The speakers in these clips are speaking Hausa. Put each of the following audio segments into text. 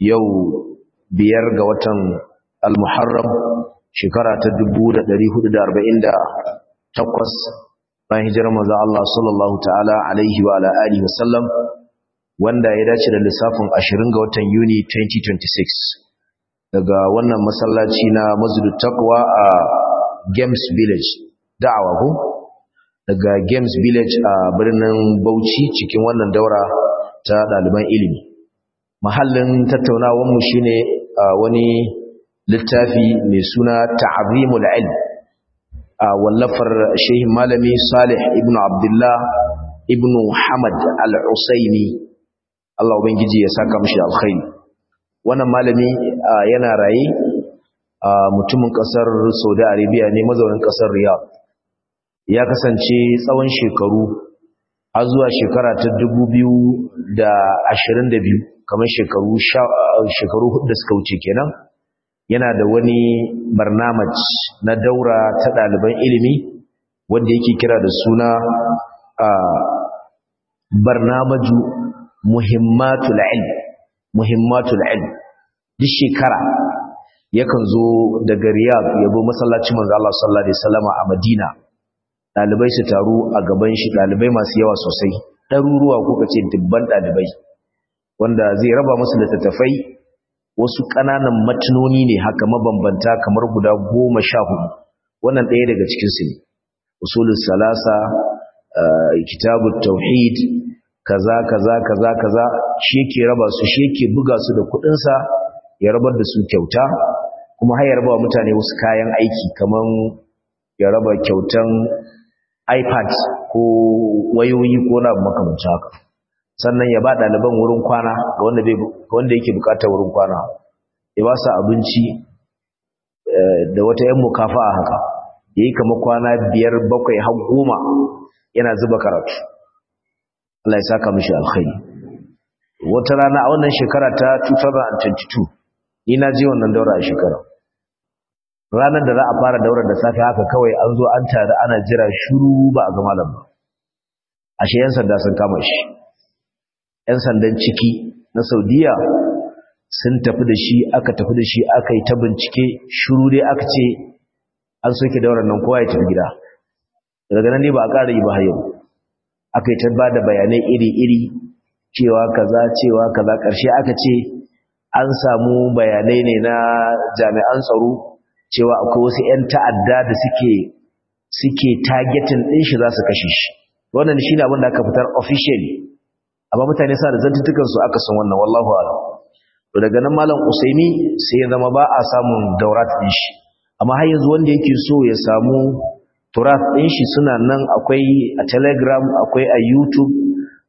yau biyar ga watan al-muharram shekara ta 1448 bayan hijirar manzo Allah sallallahu ta'ala alaihi wa ala alihi wasallam wanda ya dace da lissafin 20 ga watan Yuni 2026 daga wannan masallaci na Masjidut Taqwa a Games Village da'awa ko daga Games Village a birnin Bauchi cikin wannan daura ta ɗaliban ilimi mahallin tattaunawanmu shi ne wani littafi mai suna ta'azimul ilm a wallafar shehin malami salih ibn abdullah ibn hamad al-usaini Allah ubangiji ya saka mashi alkhairi wannan malami yana raye mutumin kasar saudi arabia ne mazaunin kasar riyadh ya kasance tsawon shekaru har zuwa shekara ta 2022 kamar shekaru eh, shekaru hudu da suka wuce kenan yana da wani barnamaj na daura ta ɗaliban ilimi wanda yake kira da suna a barnamaju muhimmatul ilm muhimmatul ilm duk shekara yakan zo daga riyad ya bo masallaci manzo Allah sallallahu alaihi wasallama a Madina ɗalibai su taru a gaban shi ɗalibai masu yawa sosai ɗaruruwa ko kace dubban ɗalibai. wanda zai raba musu littattafai wasu ƙananan matunoni ne haka mabambanta kamar guda goma sha hudu wannan ɗaya daga cikinsu ne usulun salasa eh, kitabun tauhid kaza kaza kaza kaza shi yake raba su shi yake buga su da kuɗinsa ya rabar da su kyauta kuma har ya raba mutane wasu kayan aiki kamar ya raba kyautan ipad ko wayoyi ko na makamancin haka sannan ya ba ɗaliban wurin kwana ga wanda yake bukata wurin kwana ya ba su abinci eh, da wata yan mukafa a haka ya yi kama kwana biyar bakwai har goma yana zuba karatu Allah ya saka mishi alkhairi wata rana a wannan shekara ta 2022 ni na je wannan daura a shekara ranar da za a fara daura da safe haka kawai an zo an tare ana jira shiru ba a ga malam ba ashe yan sanda sun kama shi 'yan sandan ciki na saudiya sun tafi da shi aka tafi da shi aka yi ta bincike shuru dai aka ce an soke da nan kowa ya tafi gida daga nan ne ba a ƙara yi ba har yau aka yi ta ba da bayanai iri-iri cewa kaza cewa kaza ƙarshe aka ce an samu bayanai ne na jami'an tsaro cewa akwai wasu 'yan ta'adda da suke suke targetin ɗin shi za su kashe shi wannan shi ne abin da aka fitar officially amma mutane sa da zantuttukan su aka san wannan wallahu a'lam to daga nan malam usaimi sai ya zama ba a samun daurat din shi amma har yanzu wanda yake so ya samu turat din shi suna nan akwai a telegram akwai a youtube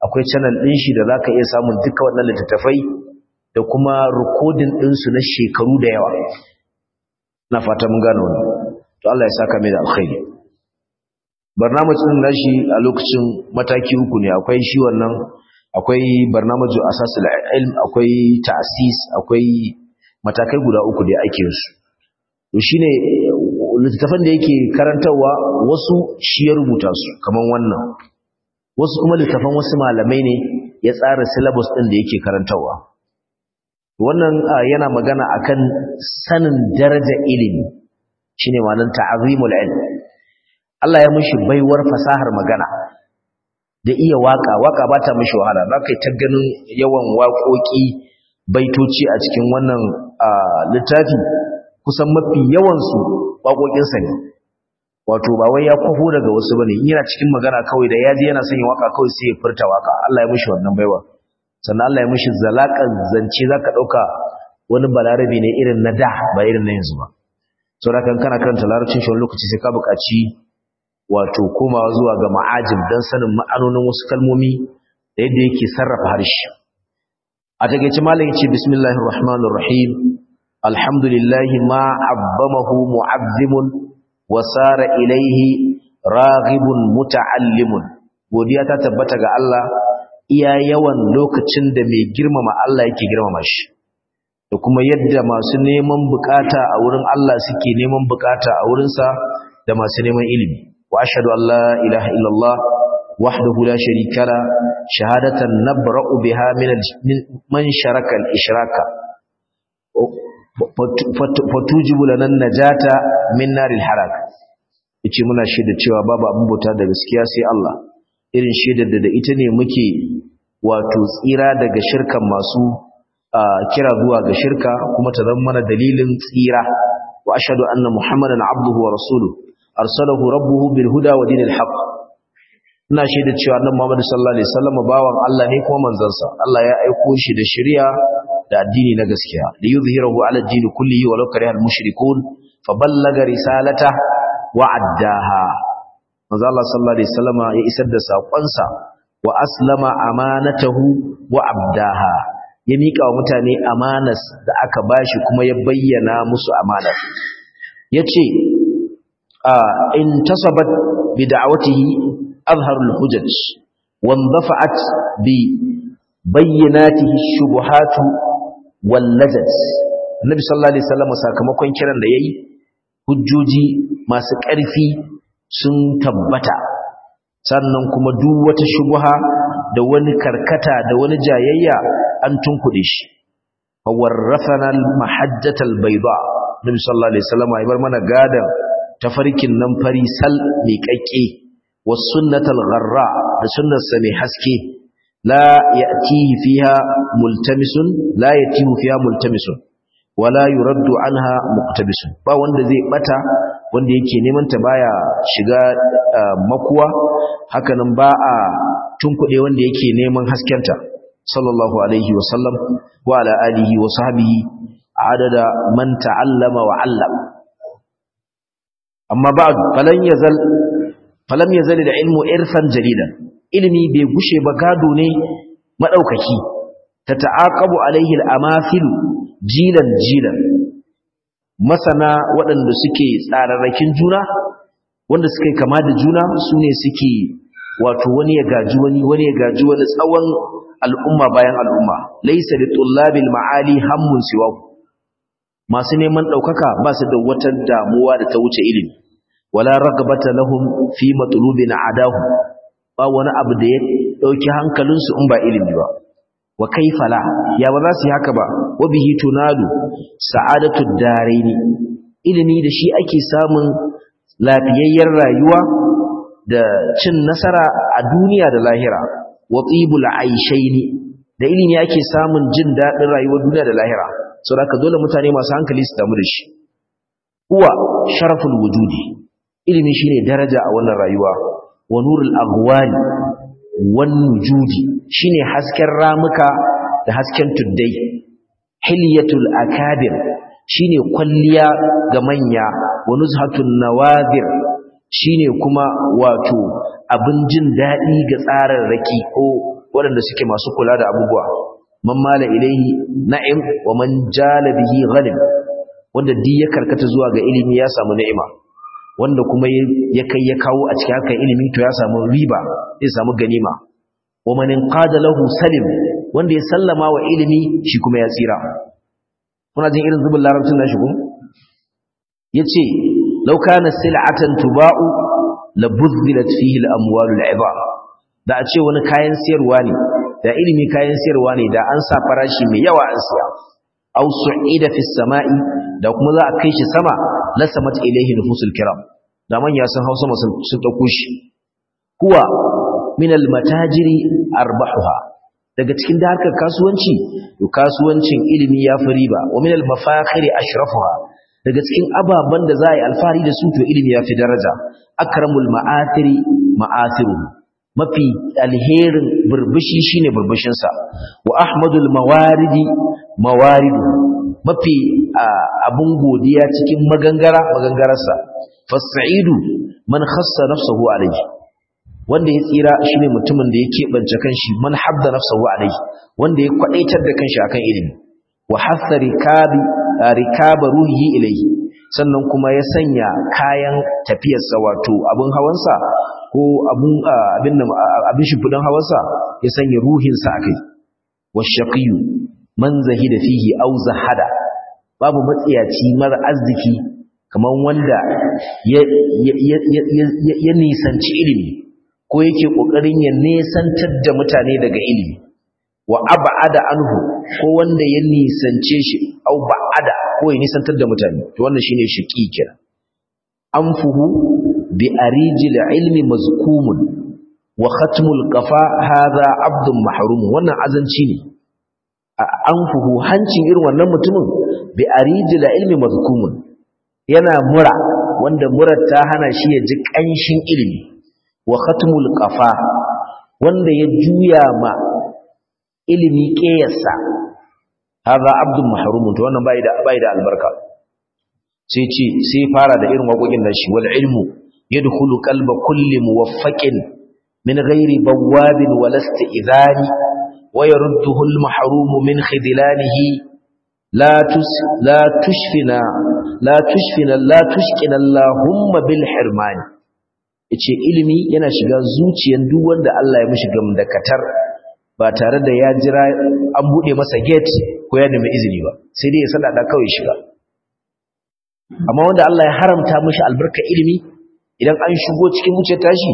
akwai channel din shi da zaka iya samun duka wannan littattafai da kuma recording din su na shekaru da yawa na fata mun gano ne to Allah ya saka mai da alkhairi barnamijin nashi a lokacin mataki uku ne akwai shi wannan akwai barnamaju asasul ilm akwai ta'sis akwai matakai guda uku da ake su to shine littafin da yake karantawa wasu shi ya rubuta su kaman wannan wasu kuma littafin wasu malamai ne ya tsara syllabus din da yake karantawa wannan yana magana akan sanin daraja ilimi shine ma'anar ta'zimul ilm Allah ya mushi baiwar fasahar magana da iya waka waka ba ta mishi wahala za ka yi ta ganin yawan waƙoƙi baitoci a cikin wannan littafi kusan mafi yawansu waƙoƙinsa ne wato ba wai ya kwafo daga wasu bane yana cikin magana kawai da yaji yana son yin waka kawai sai ya furta waka Allah ya mishi wannan baiwa sannan Allah ya mishi zalakan zance zaka ɗauka wani balarabi ne irin na da ba irin na yanzu ba saboda kan kana karanta larabcin shi lokaci sai ka buƙaci wato komawa zuwa ga ma'ajim don sanin ma'anonin wasu kalmomi da yadda yake sarrafa harshe a takeici malam yace bismillahir rahmanir rahim alhamdulillahi ma abbamahu mu'azzimun wa sara ilaihi raghibun muta'allimun godiya ta tabbata ga Allah iya yawan lokacin da mai girmama Allah yake girmama shi da kuma yadda masu neman bukata a wurin Allah suke neman bukata a wurinsa da masu neman ilimi وأشهد أن لا إله إلا الله وحده لا شريك له شهادة نبرأ بها من من شرك الإشراك فتوجب لنا النجاة من نار الحراك yace muna shaida cewa babu abin bauta da gaskiya sai Allah irin shaidar da ita ne muke wato tsira daga shirkan masu kira zuwa ga shirka kuma ta zama mana dalilin tsira wa ashhadu anna muhammadan abduhu wa rasuluhu arsalahu rabbuhu bil huda wa dinil haqq ina shaida cewa annabi Muhammad sallallahu alaihi wasallam bawan Allah ne kuma manzansa Allah ya aiko shi da shari'a da addini na gaskiya li yuzhirahu ala ad-din kullihi walau kariha al-mushrikun fa ballaga risalata wa addaha manzo Allah sallallahu alaihi wasallam ya isar da sakonsa wa aslama amanatahu wa abdaha ya mika wa mutane amanas da aka bashi kuma ya bayyana musu amanar yace intasabat bi da'awatihi azharul hujaj wa ndafa'at bi bayyinatihi shubuhatu wal Na annabi sallallahu alaihi wasallam sakamakon kiran da yayi hujjoji masu ƙarfi sun tabbata sannan kuma duk wata shubuha da wani karkata da wani jayayya an tunkuɗe shi fa warrafana al mahajjatal bayda nabi sallallahu alaihi wasallam ya bar mana gadan tafarkin nan fari sal mai kakke wa sunnatal gharra da sunnar sa mai haske la yatihi fiha multamisun la yatihi fiha multamisun wala yuraddu anha muqtabisun ba wanda zai bata wanda yake neman ta baya shiga makuwa hakanan ba a tunkuɗe wanda yake neman haskenta sallallahu alaihi wa sallam wa ala alihi wa sahbihi adada man ta'allama wa 'allama amma ba'adu, falan ya falam da ilmu irfan jaridar, ilimi bai gushe ba gado ne madaukaki ta ta'aqabu alaihi al-amathil jilan jilan masana waɗanda suke tsararrakin juna wanda suke kama da juna sune suke wato wani ya gaji wani wani ya gaji wani tsawon al'umma bayan al'umma laysa da tullabil ma'ali hammun siwa masu neman ɗaukaka ba su da wata damuwa da ta wuce ilimi wala ragabata lahum fi matlubin adahu ba wani abu da ya dauki hankalinsu in ba ilimi ba wa kaifa la ya ba za su yi haka ba wa bihi tunadu sa'adatu daraini ilimi da shi ake samun lafiyayyar rayuwa da cin nasara a duniya da lahira wa tibul aishaini da ilimi ake samun jin daɗin rayuwar duniya da lahira saboda dole mutane masu hankali su damu da shi Uwa, sharafin wujudi ilimi shine daraja a wannan rayuwa wa nurul aghwali wan nujudi shine hasken ramuka da hasken tuddai hilyatul akabir shine kwalliya ga manya wa nuzhatun nawadir shine kuma wato abin jin dadi ga raki. ko waɗanda suke masu kula da abubuwa man mala ilaihi na'im wa man jala bihi wanda duk ya karkata zuwa ga ilimi ya samu ni'ima wanda kuma ya kai ya kawo a cikin haka ilimi to ya samu riba zai samu ganima wa man qada lahu salim wanda ya sallama wa ilimi shi kuma ya tsira kuna jin irin zubin larabcin nashi ko yace law kana sil'atan tuba'u la buzzilat fihi al-amwalu al-'idha da a ce wani kayan siyarwa ne da ilimi kayan siyarwa ne da an sa farashi mai yawa an siya aw su'ida samai da kuma za a kai shi sama la samat ilayhi nufusul kiram da manya sun hausa masu sun dauko shi huwa min al matajiri arbahuha daga cikin da harkar kasuwanci to kasuwancin ilimi ya fi riba wa min al mafakhiri ashrafuha daga cikin ababan da za a yi alfahari da su to ilimi ya fi daraja akramul ma'athiri ma'athiru mafi alherin burbushi shine burbushinsa wa ahmadul mawaridi mawaridu mafi abun godiya cikin magangara magangararsa fasa'idu man khassa nafsahu alayhi wanda ya tsira shine mutumin da ya keɓance kanshi man habda nafsahu alayhi wanda ya kwadaitar da kanshi akan ilimi wa hassa rikaba ruhi ilayhi sannan kuma ya sanya kayan tafiyarsa wato abun hawansa ko abun abin abin hawan hawansa ya sanya ruhinsa akai washaqiyu man zahida fihi aw zahada babu matsiyaci mara arziki kamar wanda ya nisanci ilimi ko yake kokarin ya nesantar da mutane daga ilimi wa ab'ada anhu ko wanda ya nisance shi aw ba'ada ko ya nisantar da mutane to wannan shine shaqi kira anfuhu bi arijil ilmi mazkumun wa khatmul qafa hadha abdun mahrum wannan azanci ne an fuhu hancin irin wannan mutumin bi arijil ilmi mazkumun yana mura wanda murar ta hana shi ya ji kanshin ilimi wa khatmul qafa wanda ya juya ma ilimi kiyasa hadha abdul mahrum to wannan bai da bai da albarka sai ce sai fara da irin wakokin nan shi wal ilmu yadkhulu qalba kulli muwaffaqin min ghairi bawabin wala isti'zani ويرده المحروم من خذلانه لا تس لا تشفنا لا تشفنا لا اللهم بالحرمان yace ilimi yana shiga zuciyar duk wanda Allah ya mishi gamdakatar ba tare da ya jira an bude masa gate ko ya nemi izini ba sai dai ya sada da kawai shiga amma wanda Allah ya haramta mishi albarka ilimi idan an shigo cikin wuce tashi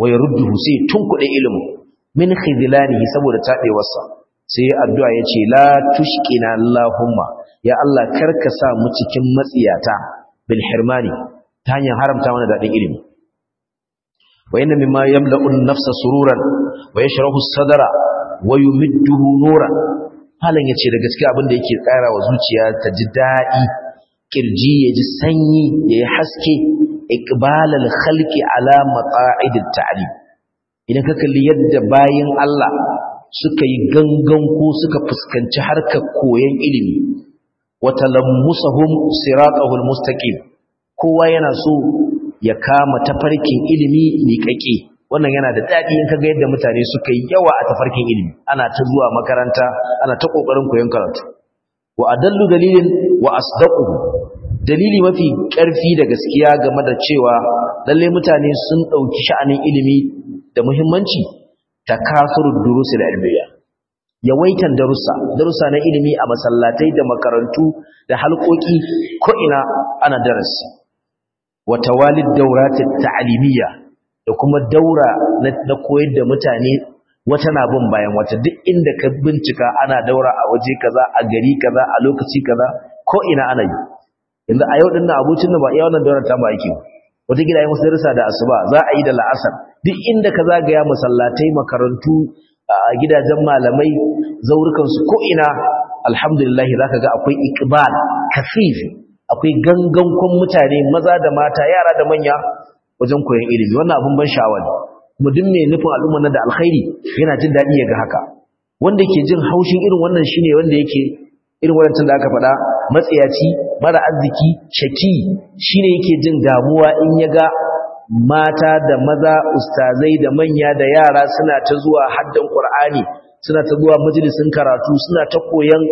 wa yaruddu sai tun kuɗin ilimin min khidlanihi saboda tadewarsa sai ya addu'a yace la tushkina allahumma ya allah karka sa mu cikin matsiyata bil hirmani ta hanyar haramta mana dadin ilimi wa inna mimma yamla'u an-nafsa sururan wa yashrahu as-sadra wa yumidduhu nuran halan yace da gaske abinda da yake tsara wa zuciya ta ji dadi kirji ya ji sanyi ya yi haske iqbalal khalqi ala at ta'lim idan ka kalli yadda bayan Allah suka yi gangan ko suka fuskanci harkar koyon ilimi wata lammusahum siratahul mustaqim kowa yana so ya kama tafarkin ilimi miƙaƙe wannan yana da daɗi in kaga yadda mutane suka yi yawa a tafarkin ilimi ana ta zuwa makaranta ana ta ƙoƙarin koyon karatu wa adallu dalilin wa asdaqu dalili mafi ƙarfi da gaskiya game da cewa lalle mutane sun ɗauki sha'anin ilimi da muhimmanci ta takasuru da ilmiya yawaitan darussa darussa na ilimi a masallatai da makarantu da halkoki ko'ina ina ana darasi wa tawalid dawratit ta'limiyya da kuma daura na koyar da mutane wata na bin bayan wata duk inda ka bincika ana daura a waje kaza a gari kaza a lokaci kaza ko ina ana yi yanzu a yau ɗin na abincin da ba iya wannan daura ta ba yake ba wataƙila yi musu da asuba za a yi da la'asar duk inda ka zagaya masallatai makarantu a gidajen malamai zaurukansu ko'ina alhamdulillahi za ka ga akwai ikibar kasif akwai gangan gangankon mutane maza da mata yara da manya wajen koyon ilimi wannan abin ban sha'awar mudin duk mai nufin al'umman da alkhairi yana jin daɗi ya ga haka wanda ke jin haushin irin wannan shine wanda yake irin wadancan da aka faɗa matsayaci mara arziki shaki shine yake jin damuwa in ya ga mata da maza ustazai da manya da yara suna ta zuwa haddan qur'ani suna ta zuwa majalisin karatu suna ta koyan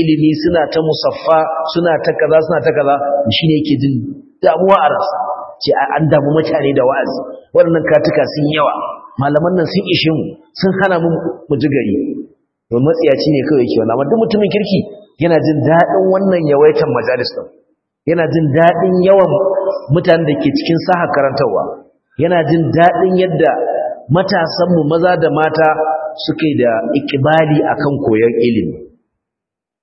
ilimi suna ta musaffa suna ta kaza suna ta kaza shine yake jin damuwa a rasa ce an damu mutane da wa'azi wannan katuka sun yawa malaman nan sun ishe mu sun hana mu mujigari ji gari to matsiyaci ne kawai yake wannan amma duk mutumin kirki yana jin daɗin wannan yawaitan majalis ɗin yana jin daɗin yawan mutane da ke cikin saha karantarwa yana jin daɗin yadda matasanmu maza da mata suke da ikibali akan koyon ilimi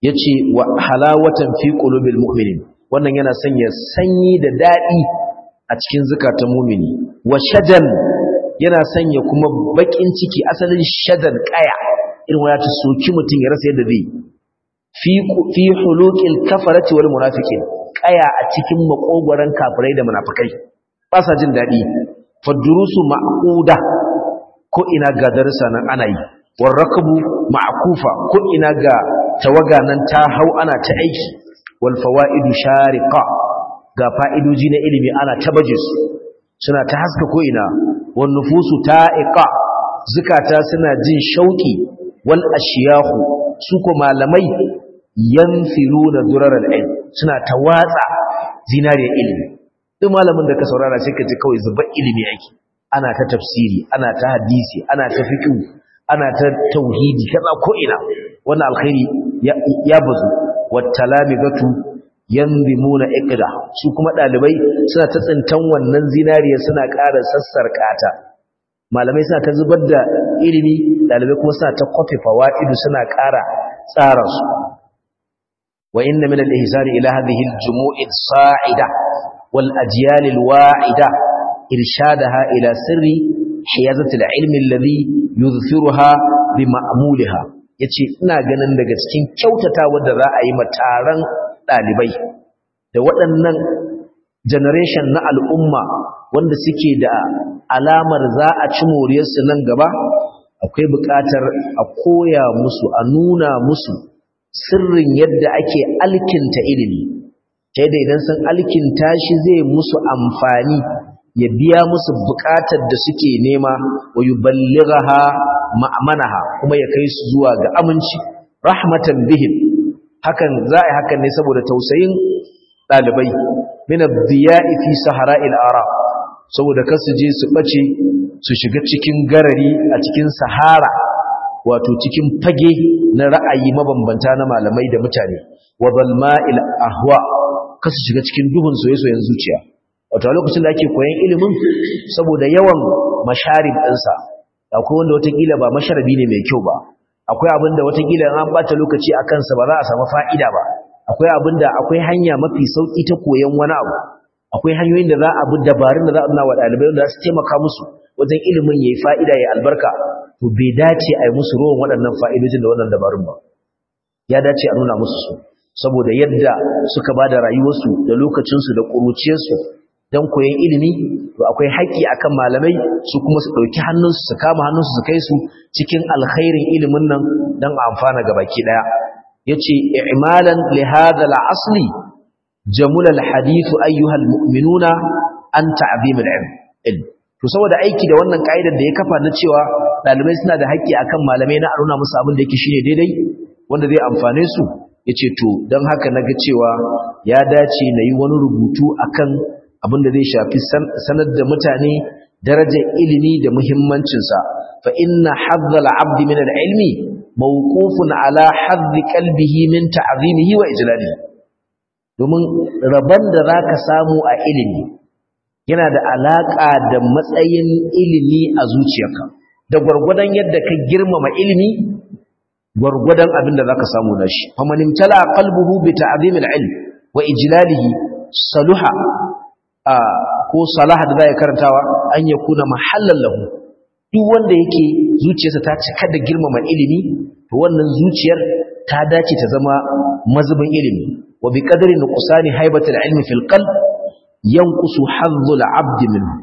ya ce wa halawatan fi ƙulubin mu'minin wannan yana sanya sanyi da daɗi a cikin zukatan mumini wa shajan yana sanya kuma baƙin ciki asalin shajan ƙaya irin wani ta soki mutum ya rasa yadda zai fi hulukin kafarati wani munafikin kaya a cikin makogoran kafirai da munafikai ba sa jin daɗi. fadurusu ma'akuda ko ina ga darsa nan ana yi warrakbu ma'akufa ko ina ga tawaga nan ta hau ana ta aiki wal fawaidu ga fa'idoji na ilimi ana ta baje suna ta haska ko ina wan nufusu ta'iqa zukata suna jin shauƙi wal ashiyahu su ko malamai yanfiluna durar al suna ta watsa zinariya ilimi ɗin malamin da ka saurara sai ka ji kawai zuba ilimi ake. ana ta tafsiri ana ta hadisi ana ta fiqh ana ta tauhidi kaɗa ko'ina wannan alkhairi ya bazu yanzu muna ikida su kuma ɗalibai suna ta tsintan wannan zinariya suna ƙara sassarƙata malamai suna ta zubar da ilimi ɗalibai kuma suna ta kwafe fawaidu suna ƙara tsara su وإن من الإحسان إلى هذه الجموع الصاعدة والأجيال الواعدة إرشادها إلى سر حيازة العلم الذي يظفرها بمأمولها yace ina ganin daga cikin kyautata wadda za a yi mataran ɗalibai da waɗannan generation na al'umma wanda suke da alamar za a ci moriyarsu nan gaba akwai buƙatar a koya musu a nuna musu sirrin yadda ake alkinta ilimi sai da idan sun alkinta shi zai musu amfani ya biya musu buƙatar da suke nema wa yuballighaha ma'manaha kuma ya kai su zuwa ga aminci rahmatan bihim hakan za hakan ne saboda tausayin ɗalibai min adiya'i diyai fi sahara'il arab saboda kasu je su ɓace su shiga cikin garari a cikin sahara wato cikin fage na ra'ayi mabambanta na malamai da mutane wa zalma'il ahwa kasu shiga cikin duhun soyayyen zuciya wato lokacin da ake koyan ilimin saboda yawan masharib ɗinsa akwai wanda watakila ba masharabi ne mai kyau ba akwai abinda watakila an bata lokaci a kansa ba za a samu fa'ida ba akwai abinda akwai hanya mafi sauki ta koyan wani abu akwai hanyoyin da za a bi dabarun da za a nuna wa ɗalibai wanda za su taimaka musu wajen ilimin yayi fa'ida ya albarka to bai dace a yi musu ruwan waɗannan fa'idojin da waɗannan dabarun ba ya dace a nuna musu su saboda yadda suka bada rayuwarsu da lokacinsu da ƙuruciyarsu don koyon ilimi to akwai haƙƙi akan malamai su kuma su ɗauki hannunsu su kama hannunsu su kai su cikin alkhairin ilimin nan don amfana ga baki ɗaya ya ce imalan lihada la'asli jamulal hadithu ayyuhal mu'minuna an ta'abimul ilm to saboda aiki da wannan ka'idar da ya kafa na cewa ɗalibai suna da haƙƙi akan malamai na a musu abin da yake shine daidai wanda zai amfane su yace to don haka na ga cewa ya dace na yi wani rubutu akan abin da zai shafi sanar da mutane darajar ilimi da muhimmancinsa fa inna hadzal abdi min al-ilmi mawqufun ala hadzi qalbihi min ta'zimihi wa ijlalihi domin rabon da zaka samu a ilimi yana da alaƙa da matsayin ilimi a zuciyarka da gwargwadon yadda ka girmama ilimi gwargwadon abin da zaka samu na shi faman imtala qalbuhu bi ta'zim ilm wa ijlalihi saluha a ko salaha da zai karantawa an yakuna mahallan lahu duk wanda yake zuciyarsa ta cika da girmama ilimi to wannan zuciyar ta dace ta zama mazubin ilimi wa bi qadri nuqsani haibatil ilmi fil qalb ƙusu, hazzul abdi minhu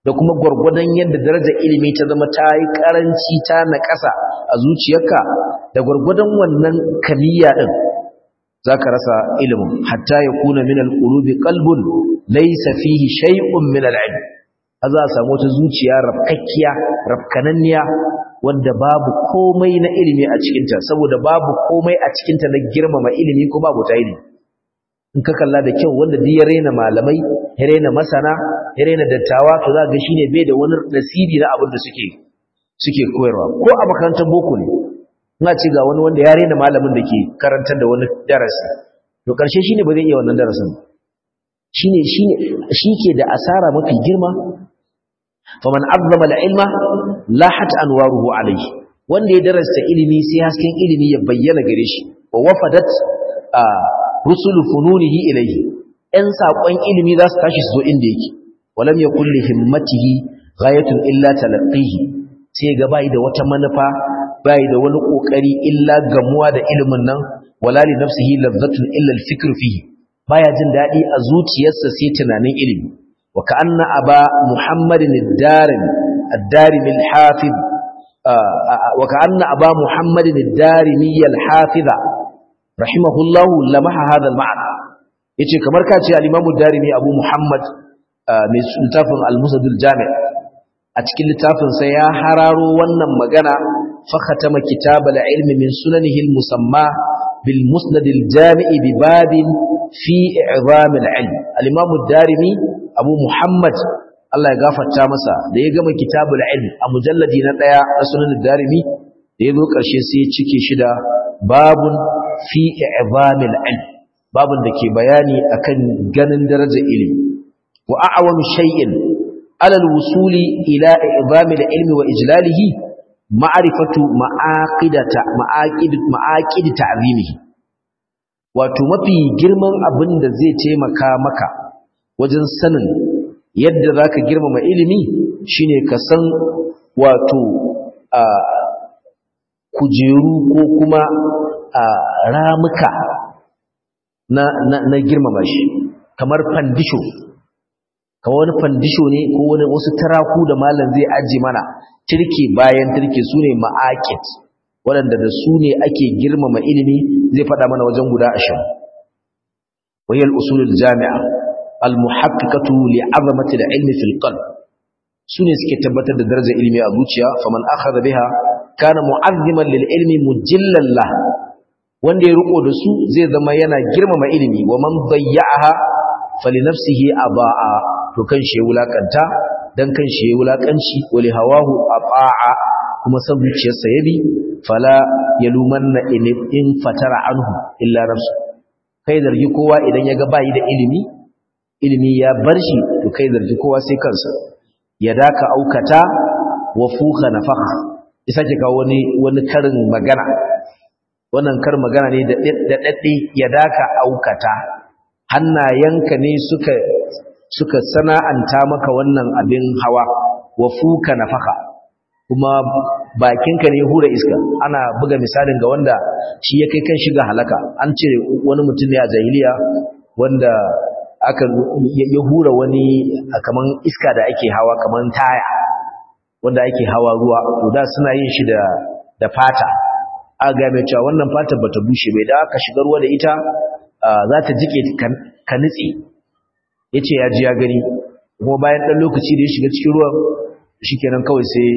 da kuma gwargwadon yadda darajar ilimi ta zama ta yi karanci ta naƙasa a zuciyarka da gwargwadon wannan kaliya din zaka rasa ilimin hatta ya kuna min alqulubi qalbun laysa fihi shay'un min al'ilm za samu wata zuciya rafkakkiya rafkananniya wanda babu komai na ilimi a cikinta saboda babu komai a cikinta na girmama ilimi ko babu ta ilimi in ka kalla da kyau wanda duk ya raina malamai ya raina masana ya rena dattawa to za ga shine bai da wani nasiri na abin da suke suke koyarwa ko a makarantar boko ne ina ce ga wani wanda ya rena malamin da ke karantar da wani darasi to karshe shine ba zai iya wannan darasin ba shine shine shike da asara mafi girma faman azzama al-ilma lahat anwaruhu alayhi wanda ya darasa ilimi sai hasken ilimi ya bayyana gare shi wa wafadat ah, rusulu fununihi ilayhi ɗan saƙon ilimi za su tashi su zo inda yake walam ya kulle himmatihi ghayatun illa talaqqihi sai ga bai da wata manufa bai da wani kokari illa gamuwa da ilimin nan wala li nafsihi lafzatun illa al fihi baya jin dadi a zuciyarsa sai tunanin ilimi wa ka'anna aba muhammadin ad-darim ad-darim al-hafiz ah, ah, ah, wa ka'anna aba muhammadin ad-darimi al-hafiza rahimahullahu lamaha hadha al-ma'ana yace kamar ka ce al Darimi Abu Muhammad ah, mai al-Musnad al-Jami' a cikin littafin sa ya hararo wannan magana fa khatama kitab al-ilm min sunanihi al-musamma bil Musnad al-Jami' bi babin fi i'zam al-ilm al Darimi Abu Muhammad Allah ya gafarta masa da ya gama kitabul ilm a mujalladi na daya na sunan darimi da ya zo karshe sai ya cike shi da babun fi i'zamil ilm babun da ke bayani akan ganin darajar ilimi wa a'awam shay'in ala al-wusuli ila i'zamil ilmi wa ijlalihi ma'rifatu ma'aqidata ma'aqid ma'aqid ta'zimihi wato mafi girman abin da zai taimaka maka wajen sanin yadda zaka girmama ilimi shine ka san wato a kujeru ko kuma ramuka na, na, girmama shi kamar fandisho kamar wani fandisho ne ko wani wasu taraku da malam zai aji mana turke bayan turke su ne waɗanda da su ne ake girmama ilimi zai faɗa mana wajen guda ashirin wayar usulul jami'a al-muhaqqiqatu li'azamati al-ilmi fil qalb sune suke tabbatar da darajar ilimi a zuciya faman akhadha biha kana mu'azziman lil ilmi mujillan lahu wanda ya riko da su zai zama yana girmama ilimi wa man bayya'aha. fali nafsihi aba'a to kan shi wulakanta dan kan shi wulakanci wali hawahu aba'a kuma san zuciyarsa yabi fala yalumanna in fatara anhu illa nafsu kai zargi kowa idan ya ga bayi da ilimi ilimi ya bar shi to kai zargi kowa sai kansa ya daka aukata wa fuka nafaha isa ke kawo wani wani karin magana wannan kar magana ne da daɗe ya daka aukata hannayenka ne suka suka sana'anta maka wannan abin hawa wa fuka nafaka kuma bakinka ne hura iska ana buga misalin ga wanda shi ya kai kan shiga halaka an ce wani mutum ne a jahiliya wanda aka ya hura wani kaman iska da ake hawa kaman taya wanda ake hawa ruwa to da suna yin shi da da fata a game cewa wannan fatar bata bushe bai da aka shiga ruwa da ita za ta jike ka Ya ce ya ji ya gani kuma bayan ɗan lokaci da ya shiga cikin ruwan kenan kawai sai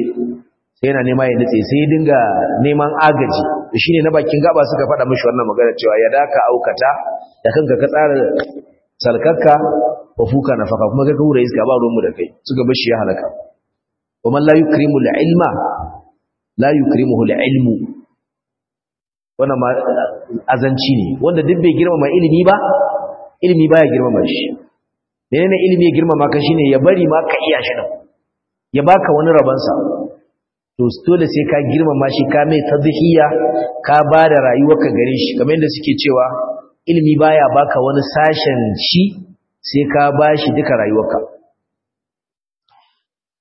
yana nema ya nutse sai ya dinga neman agaji Da shi ne na bakin gaba suka faɗa mashi wannan magana cewa ya daka aukata da kanka ka tsara salkarka wa fuka na faka. kuma kai ka hura iska ba ruwanmu da kai suka bar shi ya halaka wa man la yukrimu la ilma la yukrimuhu al-ilmu wannan ma azanci ne wanda duk bai girmama ilimi ba ilimi baya girmama shi menene ilimi ya girmama ka shine ya bari ma ka iya shi nan ya baka wani sa to dole sai ka girmama shi ka mai tadhiya ka ba da rayuwar ka gare shi kamar yadda suke cewa ilimi baya baka wani sashen shi sai ka bashi duka rayuwar ka.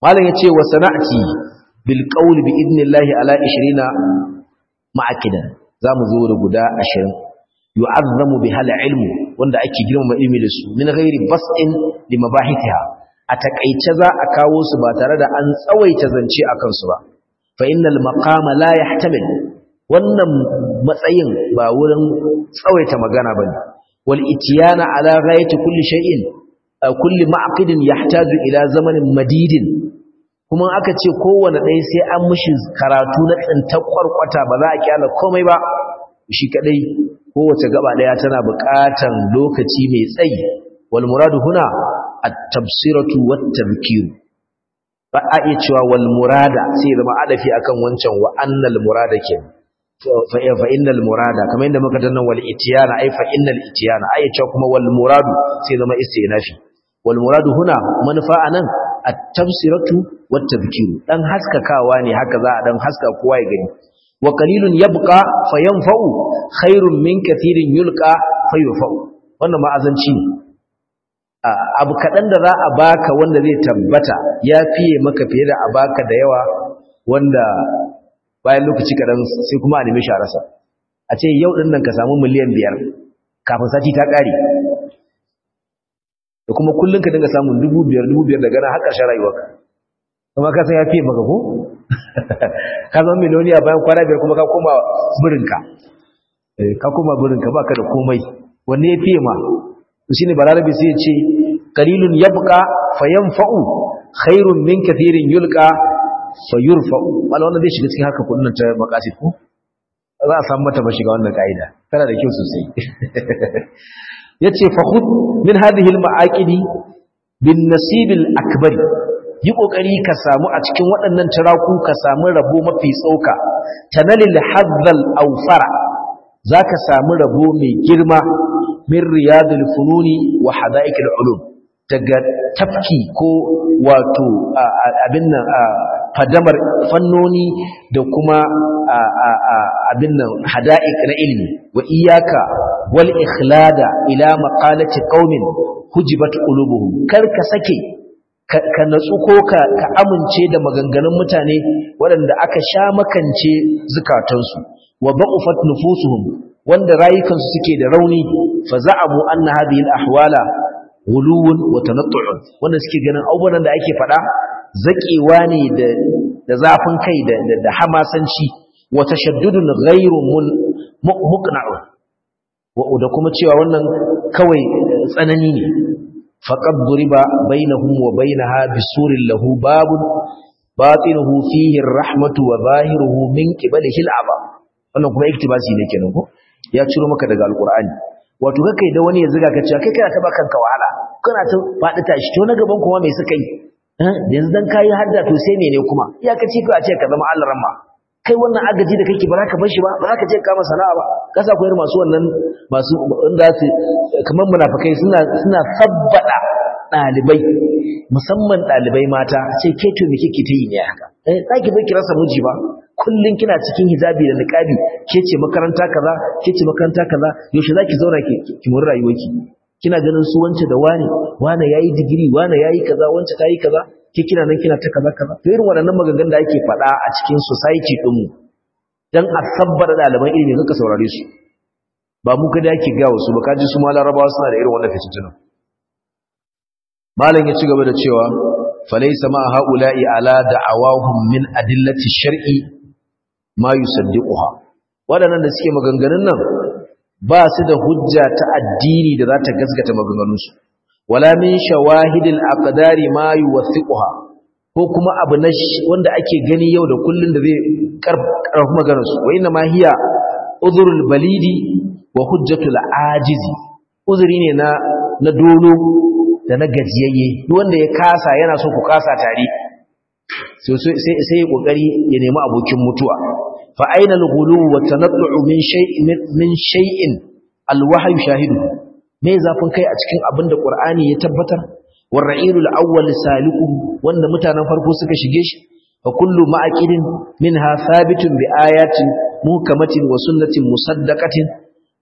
malam yace wa sana'ati bil qawl bi idnillahi ala 20 ma'akidan za mu zo da guda ashirin yu'azzamu bi hala ilmu wanda ake girmama ilmi da su min ghairi bas'in li mabahitiha a takaice za a kawo su ba tare da an tsawaita zance a kansu ba fa innal maqama la yahtamil wannan matsayin ba wurin tsawaita magana ba ne wal itiyana ala ghayati kulli shay'in kulli ma'qidin yahtaju ila zamanin madidin kuma aka ce kowane ɗaya sai an mishi karatu na tsinta kwarkwata ba za a kyala komai ba shi kadai kowace gaba ɗaya tana buƙatan lokaci mai tsayi wal muradu huna at-tafsiratu wat-tadhkir ba a iya cewa wal murada sai zama adafi akan wancan wa annal murada ke fa fa innal murada kamar yadda muka danna wal itiyana ai fa innal itiyana ai cewa kuma wal muradu sai zama istinafi wal muradu huna manfa anan at-tafsiratu wat-tadhkiru dan haskakawa ne haka za a dan haska kowa ya gani wa qalilun yabqa fayanfa'u khairun min kathirin yulqa yufa'u wannan ma'azanci ne abu kadan da za a baka wanda zai tabbata ya fiye maka fiye da a baka da yawa wanda bayan lokaci kadan sai kuma a nemi sharasa a ce yau din nan ka samu miliyan biyar kafin sati ta kare da kuma kullum ka dinga samun dubu biyar dubu biyar daga haka har ƙarshen rayuwarka kuma ka san ya fiye maka ko ka zama miliyoniya bayan kwana biyar kuma ka koma birinka eh, ka koma birinka ba ka da komai wanne ya fiye ma to shine balarabi sai ya ce qalilun yabqa fayanfa'u khairun min kathirin yulqa fayurfa'u wala wannan zai shiga cikin haka kudin ta makasi ko za a samu mata ba shiga wannan kaida tana da kyau sosai Ya ce fahud min hadhihi al ma'aqidi bin nasibin akbari yi ƙoƙari ka samu a cikin waɗannan taraku ka samu rabo mafi tsauka tanalil aufara za ka samu rabo mai girma min riyadul fununi wa hadaikil ulum daga tafki ko wato abin nan fadamar fannoni da kuma abin nan hada'ik na ilimi wa iyaka wal ikhlada ila maqalati qaumin hujibat qulubuhum kar ka sake ka natsu ko ka amince da maganganun mutane waɗanda aka sha makance zukatansu wa ba'ufat nufusuhum wanda rayukansu suke da rauni fa za'amu anna hadhihi al ahwala guluwun wa tanattu'un wanda suke ganin abubuwan da ake faɗa zaƙewa ne da zafin kai da hamasanci wata shaddudun ghairun muqna'un wa da kuma cewa wannan kawai tsanani ne faqad duriba bainahum wa bainaha surin lahu babu batinuhu fihi rahmatu wa zahiruhu min qibalihi hil'a ba. wannan kuma iktibasi ne kenan ko ya ciro maka daga Alƙur'ani. wato kai da wani ya ziga ka cewa kai kana ta baka kanka wahala kana ta faɗi tashi to na gaban kuma mai sukai yi Eh, yanzu dan kayi hadda to sai ne ne kuma iyakaci ka ce ka zama Allah ramma kai wannan agaji da kake ba za ka bar shi ba ba za ka ce ka kama sana'a ba kasa koyar masu wannan masu inda su kamar munafikai suna suna sabbada dalibai musamman dalibai mata ce ke to me kike ta yi ne haka eh zaki ki kira rasa miji ba kullun kina cikin hijabi da niqabi ke ce makaranta kaza ke ce makaranta kaza yaushe zaki zauna ki ki rayuwarki kina ganin su wance da wane wane yayi digiri wane yayi kaza wance tayi kaza ke kina nan kina ta kaza kaza to irin waɗannan maganganun da ake faɗa a cikin society din mu dan a sabbara ɗaliban ilimi kaka saurare su ba mu kada gaya ga wasu ba Ka ji su ma larabawa suna da irin wannan fitina malam ya ci gaba da cewa falaysa ma haula'i ala da'awahum min adillati shar'i ma yusaddiquha waɗannan da suke maganganun nan ba su da hujja ta addini da za ta gaskata maganganunsu wala min shawahidil aqdari ma yuwathiquha ko kuma abu na wanda ake gani yau da kullun da zai karfafa maganarsu wa inna ma hiya udhrul balidi wa hujjatul ajizi uzuri ne na na dolo da na gajiyayye duk wanda ya kasa yana so ku kasa tare sai ya kokari ya nemi abokin mutuwa fa aina al-ghulu wa tanattu min shai'in min shahidu me zafin kai a cikin abin da qur'ani ya tabbatar war ra'ilul awwal saliku wanda mutanen farko suka shige shi fa kullu ma'aqidin minha thabitun bi ayatin muhkamatin wa sunnatin musaddaqatin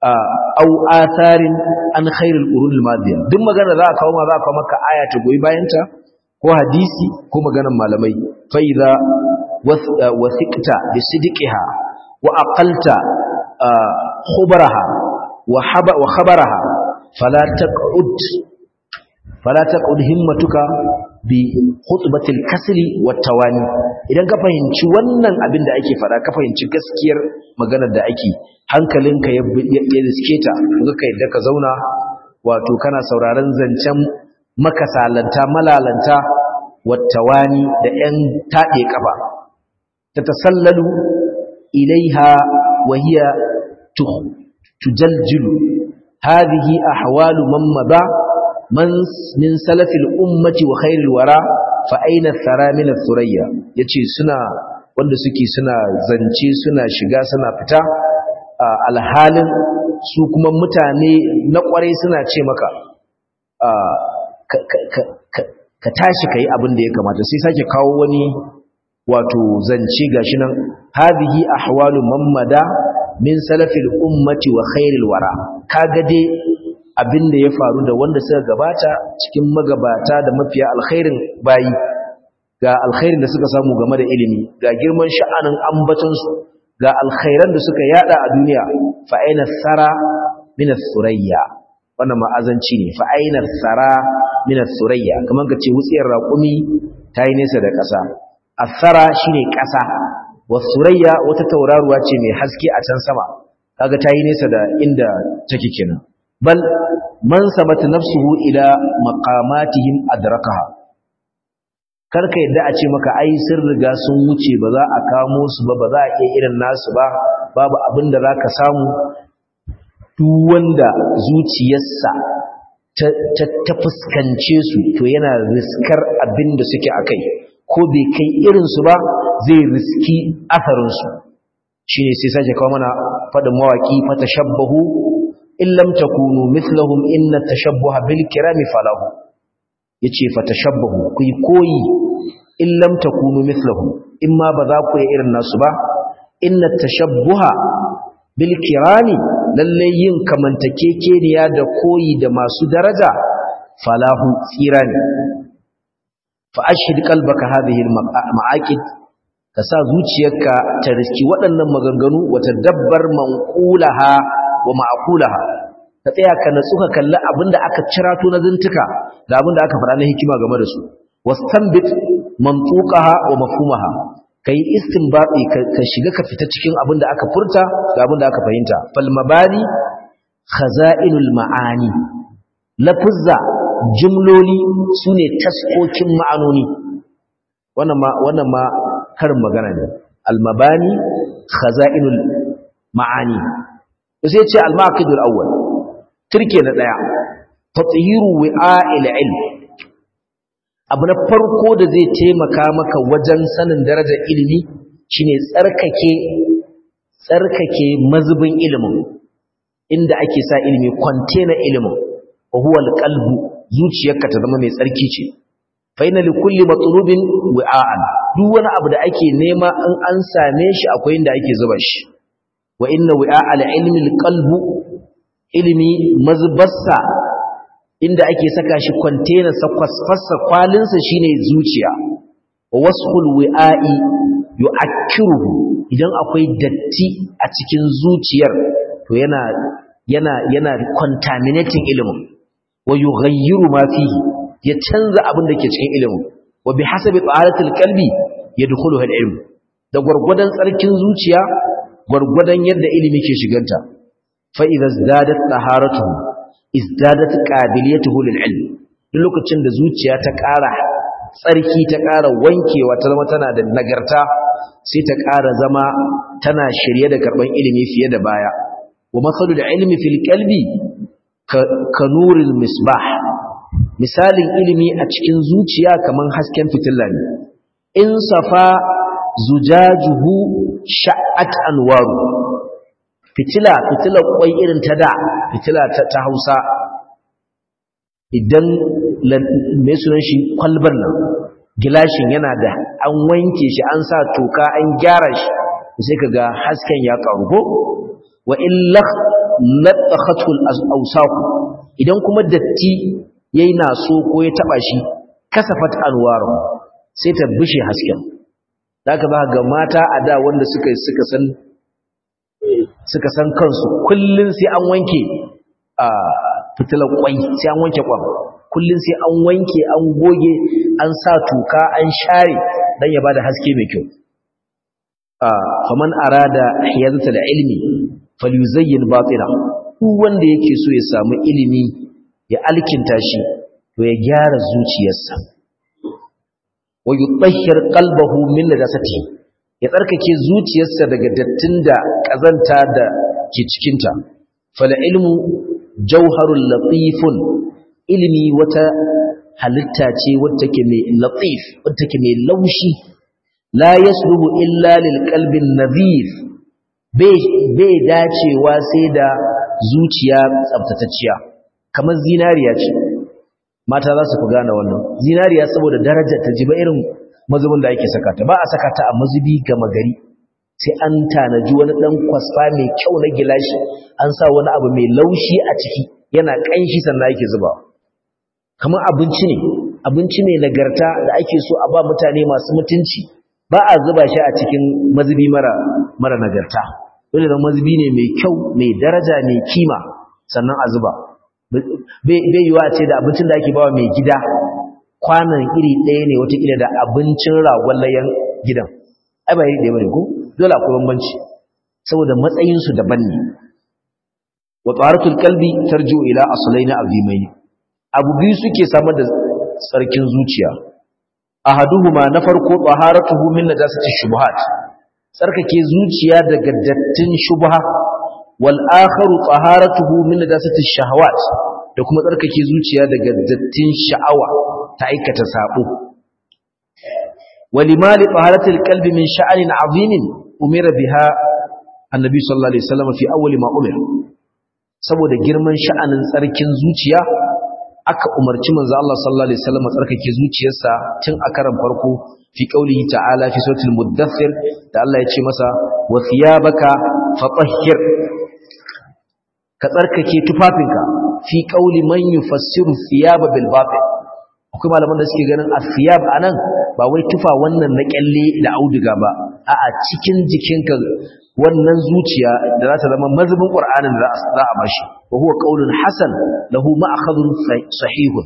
ah, aw atharin an khairil qurun al-madiya duk magana za a kawo ma za maka aya ta goyi bayanta ko hadisi ko maganar malamai fa idza وثقت بصدقها وأقلت خبرها وخبرها فلا تقعد فلا تقعد همتك بخطبة الكسل والتواني idan ka fahimci wannan abin da ake fada ka fahimci gaskiyar maganar da ake hankalinka ya riske ta ka yadda ka zauna wato kana sauraron zancen makasalanta malalanta wattawani da 'yan taɗe ƙafa tatasallalu ilaiha wa hiya tujaljilu hadhihi ahwalu man madha man min salafil ummati wa khairil wara fa aina yace suna wanda suke suna zance suna shiga suna fita alhalin su kuma mutane na kwarai suna ce maka ka tashi ka yi abin da ya kamata sai sake kawo wani wato zance gashi nan hadhihi ahwalu mammada min salafil ummati wa khairil wara kaga dai abinda ya faru da wanda suka gabata cikin magabata da mafiya alkhairin bayi ga alkhairin da suka samu game da ilimi ga girman sha'anin ambaton su ga alkhairan da suka yada a duniya fa aina sara min as-surayya wannan ma'azanci ne fa aina sara min as-surayya ka ce wutsiyar raƙumi tayi nesa da ƙasa asara shine ƙasa wasurayya wata tauraruwa ce mai haske a can sama kaga ta yi nesa da inda take kenan bal man sabata nafsuhu ila maqamatihim adrakaha karka yadda a ce maka ai sun riga sun wuce ba za a kamo su ba ba za a iya irin nasu ba babu abin da za ka samu duk wanda zuciyarsa ta, fuskance su to yana riskar abin da suke kai. ko bai kai irinsu ba zai riski atharinsu shi ne sai sake kawo mana faɗin mawaƙi fata shabbahu illam ta kunu mithlahum inna ta shabbaha bil kirami falahu ya ce fata shabbahu ku yi koyi illam ta kunu mithlahum in ma ba za ku yi irin nasu ba inna ta shabbaha bil kirami lalle yin kamantakekeniya da koyi da masu daraja falahu tsira ne fa kalbaka qalbaka hadhihi al ka sa zuciyarka ta riski waɗannan maganganu wata dabbar manqulaha wa ma'qulaha ka tsaya ka natsu ka kalli abinda aka cira na zintuka da abinda aka faɗa na hikima game da su wastanbit mantuqaha wa yi kai istinbati ka shiga ka fita cikin abinda aka furta da abinda aka fahimta Falmabani, khaza'inul ma'ani lafuzza jumloli su ne taskokin ma'anoni wannan ma karin magana ne almabani khaza'inul ma'ani sai ce almaqidul awwal turke na daya tathiru wi'a'il ilm abu na farko da zai taimaka maka wajen sanin darajar ilimi shine tsarkake tsarkake mazubin ilimin inda ake sa ilimi container ilimin huwa alqalbu zuciyarka ta zama mai tsarki ce fa inna li kulli matlubin wi'an duk wani abu da ake nema in an same shi akwai inda ake zuba shi wa inna wi'a ilmi al-qalbu ilmi mazbassa inda ake saka shi container sa kwasfassa kwalinsa shine zuciya wa wi'a'i yu'akkiruhu idan akwai datti a cikin zuciyar to yana yana yana contaminating ilimin wa yughayyiru ma fihi ya canza abin da ke cikin ilimin wa bi hasabi ta'aratil qalbi yadkhuluha al-ilm da gurgudan tsarkin zuciya gurgudan yadda ilimi ke shiganta fa idza zadat taharatuhu izdadat qabiliyatuhu lil-ilm duk lokacin da zuciya ta ƙara tsarki ta ƙara wankewa ta zama tana da nagarta sai ta ƙara zama tana shirye da karɓar ilimi fiye da baya wa matsalu da ilimi fil kalbi ka nuril misbah misalin ilimi a cikin zuciya kamar hasken fitila ne in safa zujajuhu sha'at anwaru fitila fitilar kwai irin ta da fitila ta Hausa idan mai sunan shi kwalbar nan gilashin yana da an wanke shi an sa toka an gyara shi sai kaga hasken ya karu ko wa illa latakhatul awsaq idan kuma datti yayi naso ko ya taba shi kasafat alwaru sai ta bushe hasken daga ba ga mata a da wanda suka suka san suka san kansu kullun sai an wanke a fitilar kwai sai an wanke kwan kullun sai an wanke an goge an sa tuka an share dan ya bada haske mai kyau faman arada hiyazata da ilmi falyuzayyin Batsira: duk wanda yake so ya samu ilimi ya alkinta shi to ya gyara zuciyarsa wa yutahhir qalbahu min najasati ya tsarkake zuciyarsa daga dattin da kazanta da ke cikin ta ilmu jawharul latifun ilimi wata halitta ce wadda ke mai latif mai laushi la yasluhu illa lil qalbin nadhif bai dacewa sai da zuciya tsabtatacciya kamar zinariya ce mata za su ku gane wannan zinariya saboda daraja ta ji ba irin mazubin da ake saka ta ba a saka ta a mazubi gama gari sai an tanaji wani ɗan kwasfa mai kyau na gilashi an sa wani abu mai laushi a ciki yana kanshi sannan ake zuba kamar abinci ne abinci mai nagarta da ake so a ba mutane masu mutunci ba a zuba shi a cikin mazubi mara mara nagarta dole zama mazubi ne mai kyau mai daraja mai kima sannan a zuba bai yiwa ce da abincin da ake bawa mai gida kwanan iri ɗaya ne watakila da abincin ragon layan gidan ai ba yi ɗaya bane ko dole akwai bambanci saboda matsayinsu daban ne wa taharatul kalbi tarju ila na azimaini abu biyu suke samar da sarkin zuciya ahaduhuma na farko taharatuhu min najasati shubuhat tsarkake zuciya daga dattin shubha wal akharu taharatuhu min nadasati shahawat da kuma tsarkake zuciya daga dattin sha'awa ta aikata sabo walimali taharatil qalbi min sha'anin azimin umira biha annabi sallallahu alaihi wasallam fi awwali ma umira saboda girman sha'anin tsarkin zuciya aka umarci manzo Allah sallallahu alaihi wasallam tsarkake zuciyarsa tun a karan farko fi qaulihi ta'ala fi suratul muddathir da Allah ya ce masa wa thiyabaka fatahhir ka tsarkake tufafinka fi qauli man yufassiru thiyaba bil akwai malaman da suke ganin athiyab anan ba wai tufa wannan na kyalle da auduga ba a'a cikin jikinka wannan zuciya da za ta zama mazubin qur'anin da za a bashi wa huwa Hassan hasan lahu ma'khadun sahihun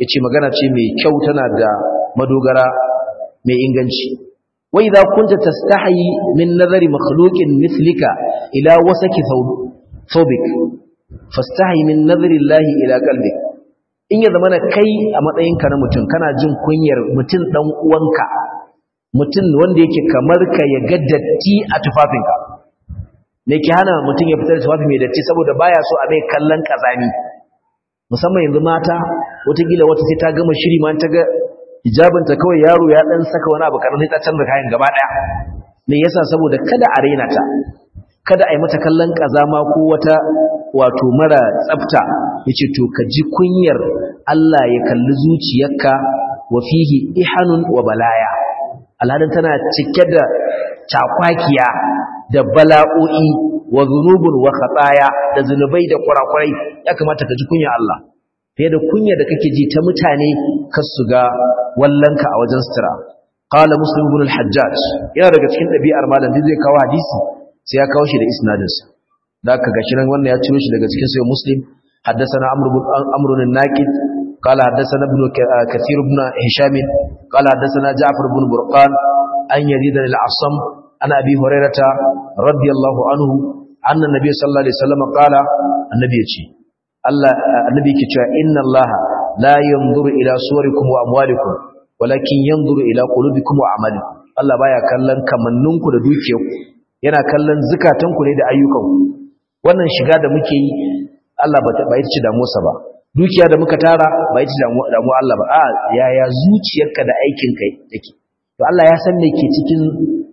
yace magana ce mai kyau tana da madogara mai inganci Wai idza kunta tastahi min nazari makhluqin mithlika ila wasaki thawbik fastahi min nazari llahi ila qalbik in ya zamana kai a matsayinka na mutum kana jin kunyar mutum dan uwanka mutum wanda yake kamar ka ya ga datti a tufafinka ne ke hana mutum ya fitar da tufafi mai datti saboda baya so a mai kallon kazani musamman yanzu mata wataƙila wata sai ta gama shiri ma ta ga ta kawai yaro ya ɗan saka wani abu karan sai ta canza kayan gaba daya ne yasa saboda kada a raina ta kada a yi mata kallon kazama ko wata wato mara tsafta yace to ka ji kunyar Allah ya kalli zuciyarka wa fihi ihanun wa balaya aladan tana cike da cakwakiya da bala'o'i wa zunubun wa khataya da zunubai da kurakurai ya kamata ka ji kunya Allah fiye da kunya da kake ji ta mutane kar su ga wallanka a wajen sutura qala muslim ibn al-hajjaj yana daga cikin dabi'ar malam zai kawo hadisi sai ya kawo shi da isnadin sa da ka gashi nan wannan ya ciro shi daga cikin sai muslim حدثنا عمرو بن قال حدثنا ابن كثير بن هشام قال حدثنا جعفر بن برقان أن يزيد العصم عن أبي هريرة رضي الله عنه أن النبي صلى الله عليه وسلم قال النبي يتي الله النبي كتوى إن الله لا ينظر إلى صوركم وأموالكم ولكن ينظر إلى قلوبكم وأعمالكم Allah baya kallon kamanninku da dukiyarku yana kallon zukatanku ne da ayyukanku wannan shiga da muke yi Allah ba ta bai ci damuwarsa ba dukiya da muka tara ba ita damu Allah ba a yaya zuciyarka da aikin kai take to Allah ya san me ke cikin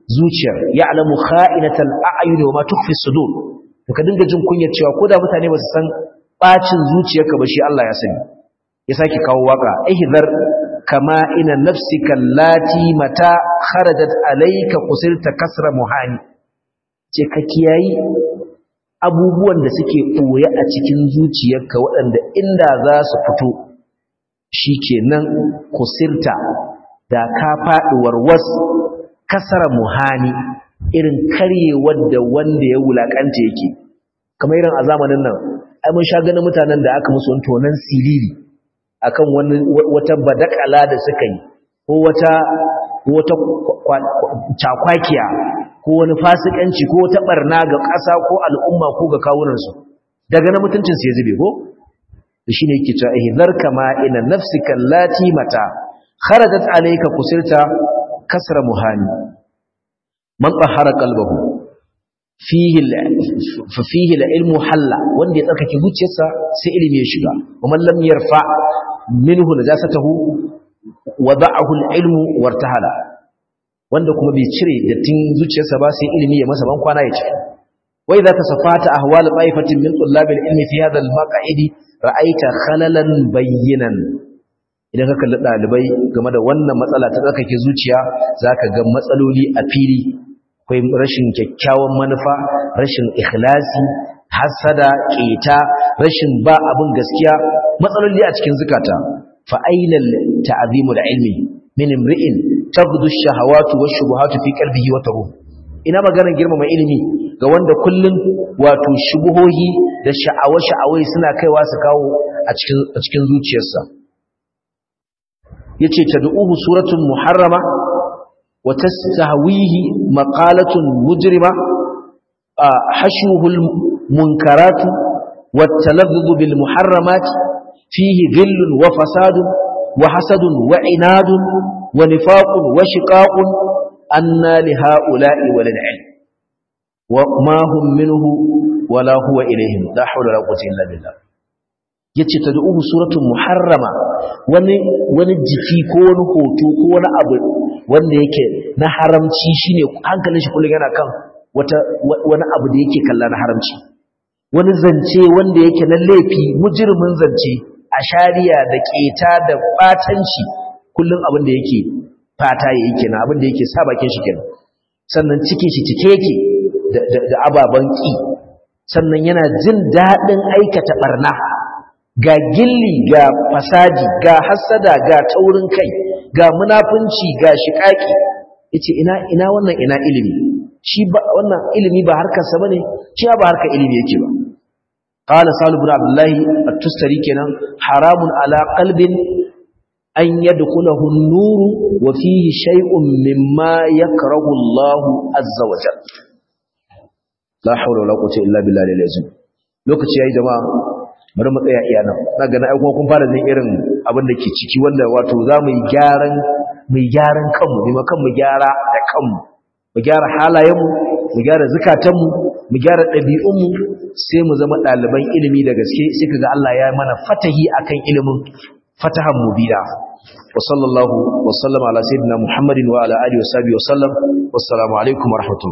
zuciyar ya alamu kha'inatal a'yun wa ma tukhfi sudur to ka dinga jin kunya cewa koda mutane ba su san bacin zuciyarka ba shi Allah ya sani ya saki kawo waka ihzar kama ina nafsika lati mata kharajat alayka qusilta kasra muhani ce ka kiyayi abubuwan da suke koya a cikin zuciyarka waɗanda inda za su fito shi ke nan kusirta da ka faɗuwar wasu kasara muhani irin karyewar da wanda ya wulaƙanta yake kamar irin a zamanin nan ai mun sha ganin mutanen da aka musu tonan siriri akan kan wata badakala da suka yi ko wata cakwakiya ko wani fasikanci ko ta ga ƙasa ko al'umma ko ga kawunansu daga na mutuncinsu ya zube ko shi ne yake cewa ihzar eh, kama ina nafsika lati mata kharajat alayka kusirta kasra muhani man tahara qalbahu fihi fa fihi ilmu halla wanda ya tsarkake zuciyarsa sai ilimi ya shiga man lam yarfa minhu najasatahu wada'ahu al-ilmu wartahala wanda kuma bai cire dattin zuciyarsa ba sai ilimi ya masa ban kwana ya ciki wa idza tasaffata ahwal ta'ifatin min tullabil ilmi fi hadha al-maq'idi ra'aita khalalan bayyinan idan ka kalli ɗalibai game da wannan matsala ta tsakake zuciya zaka ga matsaloli a fili akwai rashin kyakkyawan manufa rashin ikhlasi hasada ƙeta, rashin ba abin gaskiya matsaloli a cikin zukata fa ainal da ilmi min imri'in تغدو الشهوات والشبهات في قلبه وتروه ina maganar girmama ilimi ga wanda kullun wato shubuhohi da sha'awa-sha'awai suna kaiwa su kawo a cikin zuciyarsa yace tad'uhu suratun muharrama wa tastahwihi maqalatun mujrima hashuhul munkaratu wat talazzuz bil muharramat fihi dhillun wa fasadun wa hasadun wa inadun wa nifaqun wa shiqaqun anna li ha'ula'i wa lil ilm wa ma hum minhu wa la huwa ilayhim la hawla wala quwwata illa billah yace suratun muharrama wani wani jiki ko wani hoto ko wani abu wanda yake na haramci shine hankalin shi kullun yana kan wata wani abu da yake kalla na haramci wani zance wanda yake na laifi mujrimin zance ashariya da keta da batanci kullum abin da yake fata yake kenan abin da yake sa bakin shi kenan sannan cikin shi cike yake da ababan ki sannan yana jin daɗin aikata barna ga gilli ga fasadi ga hassada ga taurin kai ga munafunci ga shikaki yace ina ina wannan ina ilimi shi ba wannan ilimi ba harkar sa bane shi ba harkar ilimi yake ba قال صالح بن عبد الله التستري kenan haramun ala قلب أن يدخله النور وفيه شيء مما يكره الله عز وجل لا حول ولا قوة إلا بالله lokaci jama'a bari mu tsaya iya nan na ga na ai kuma kun fara jin irin abin da ke ciki wanda wato za mu yi gyaran mu gyaran kanmu ne ma kanmu gyara da kanmu mu gyara halayenmu mu gyara mu gyara ɗabi'unmu sai mu zama ɗaliban ilimi da gaske sai kaga Allah ya mana fatahi akan ilimin fatahan mubina wa sallallahu wa sallama ala sayyidina Muhammadin wa ala alihi wa sahbihi wa sallam wassalamu alaikum wa rahmatullah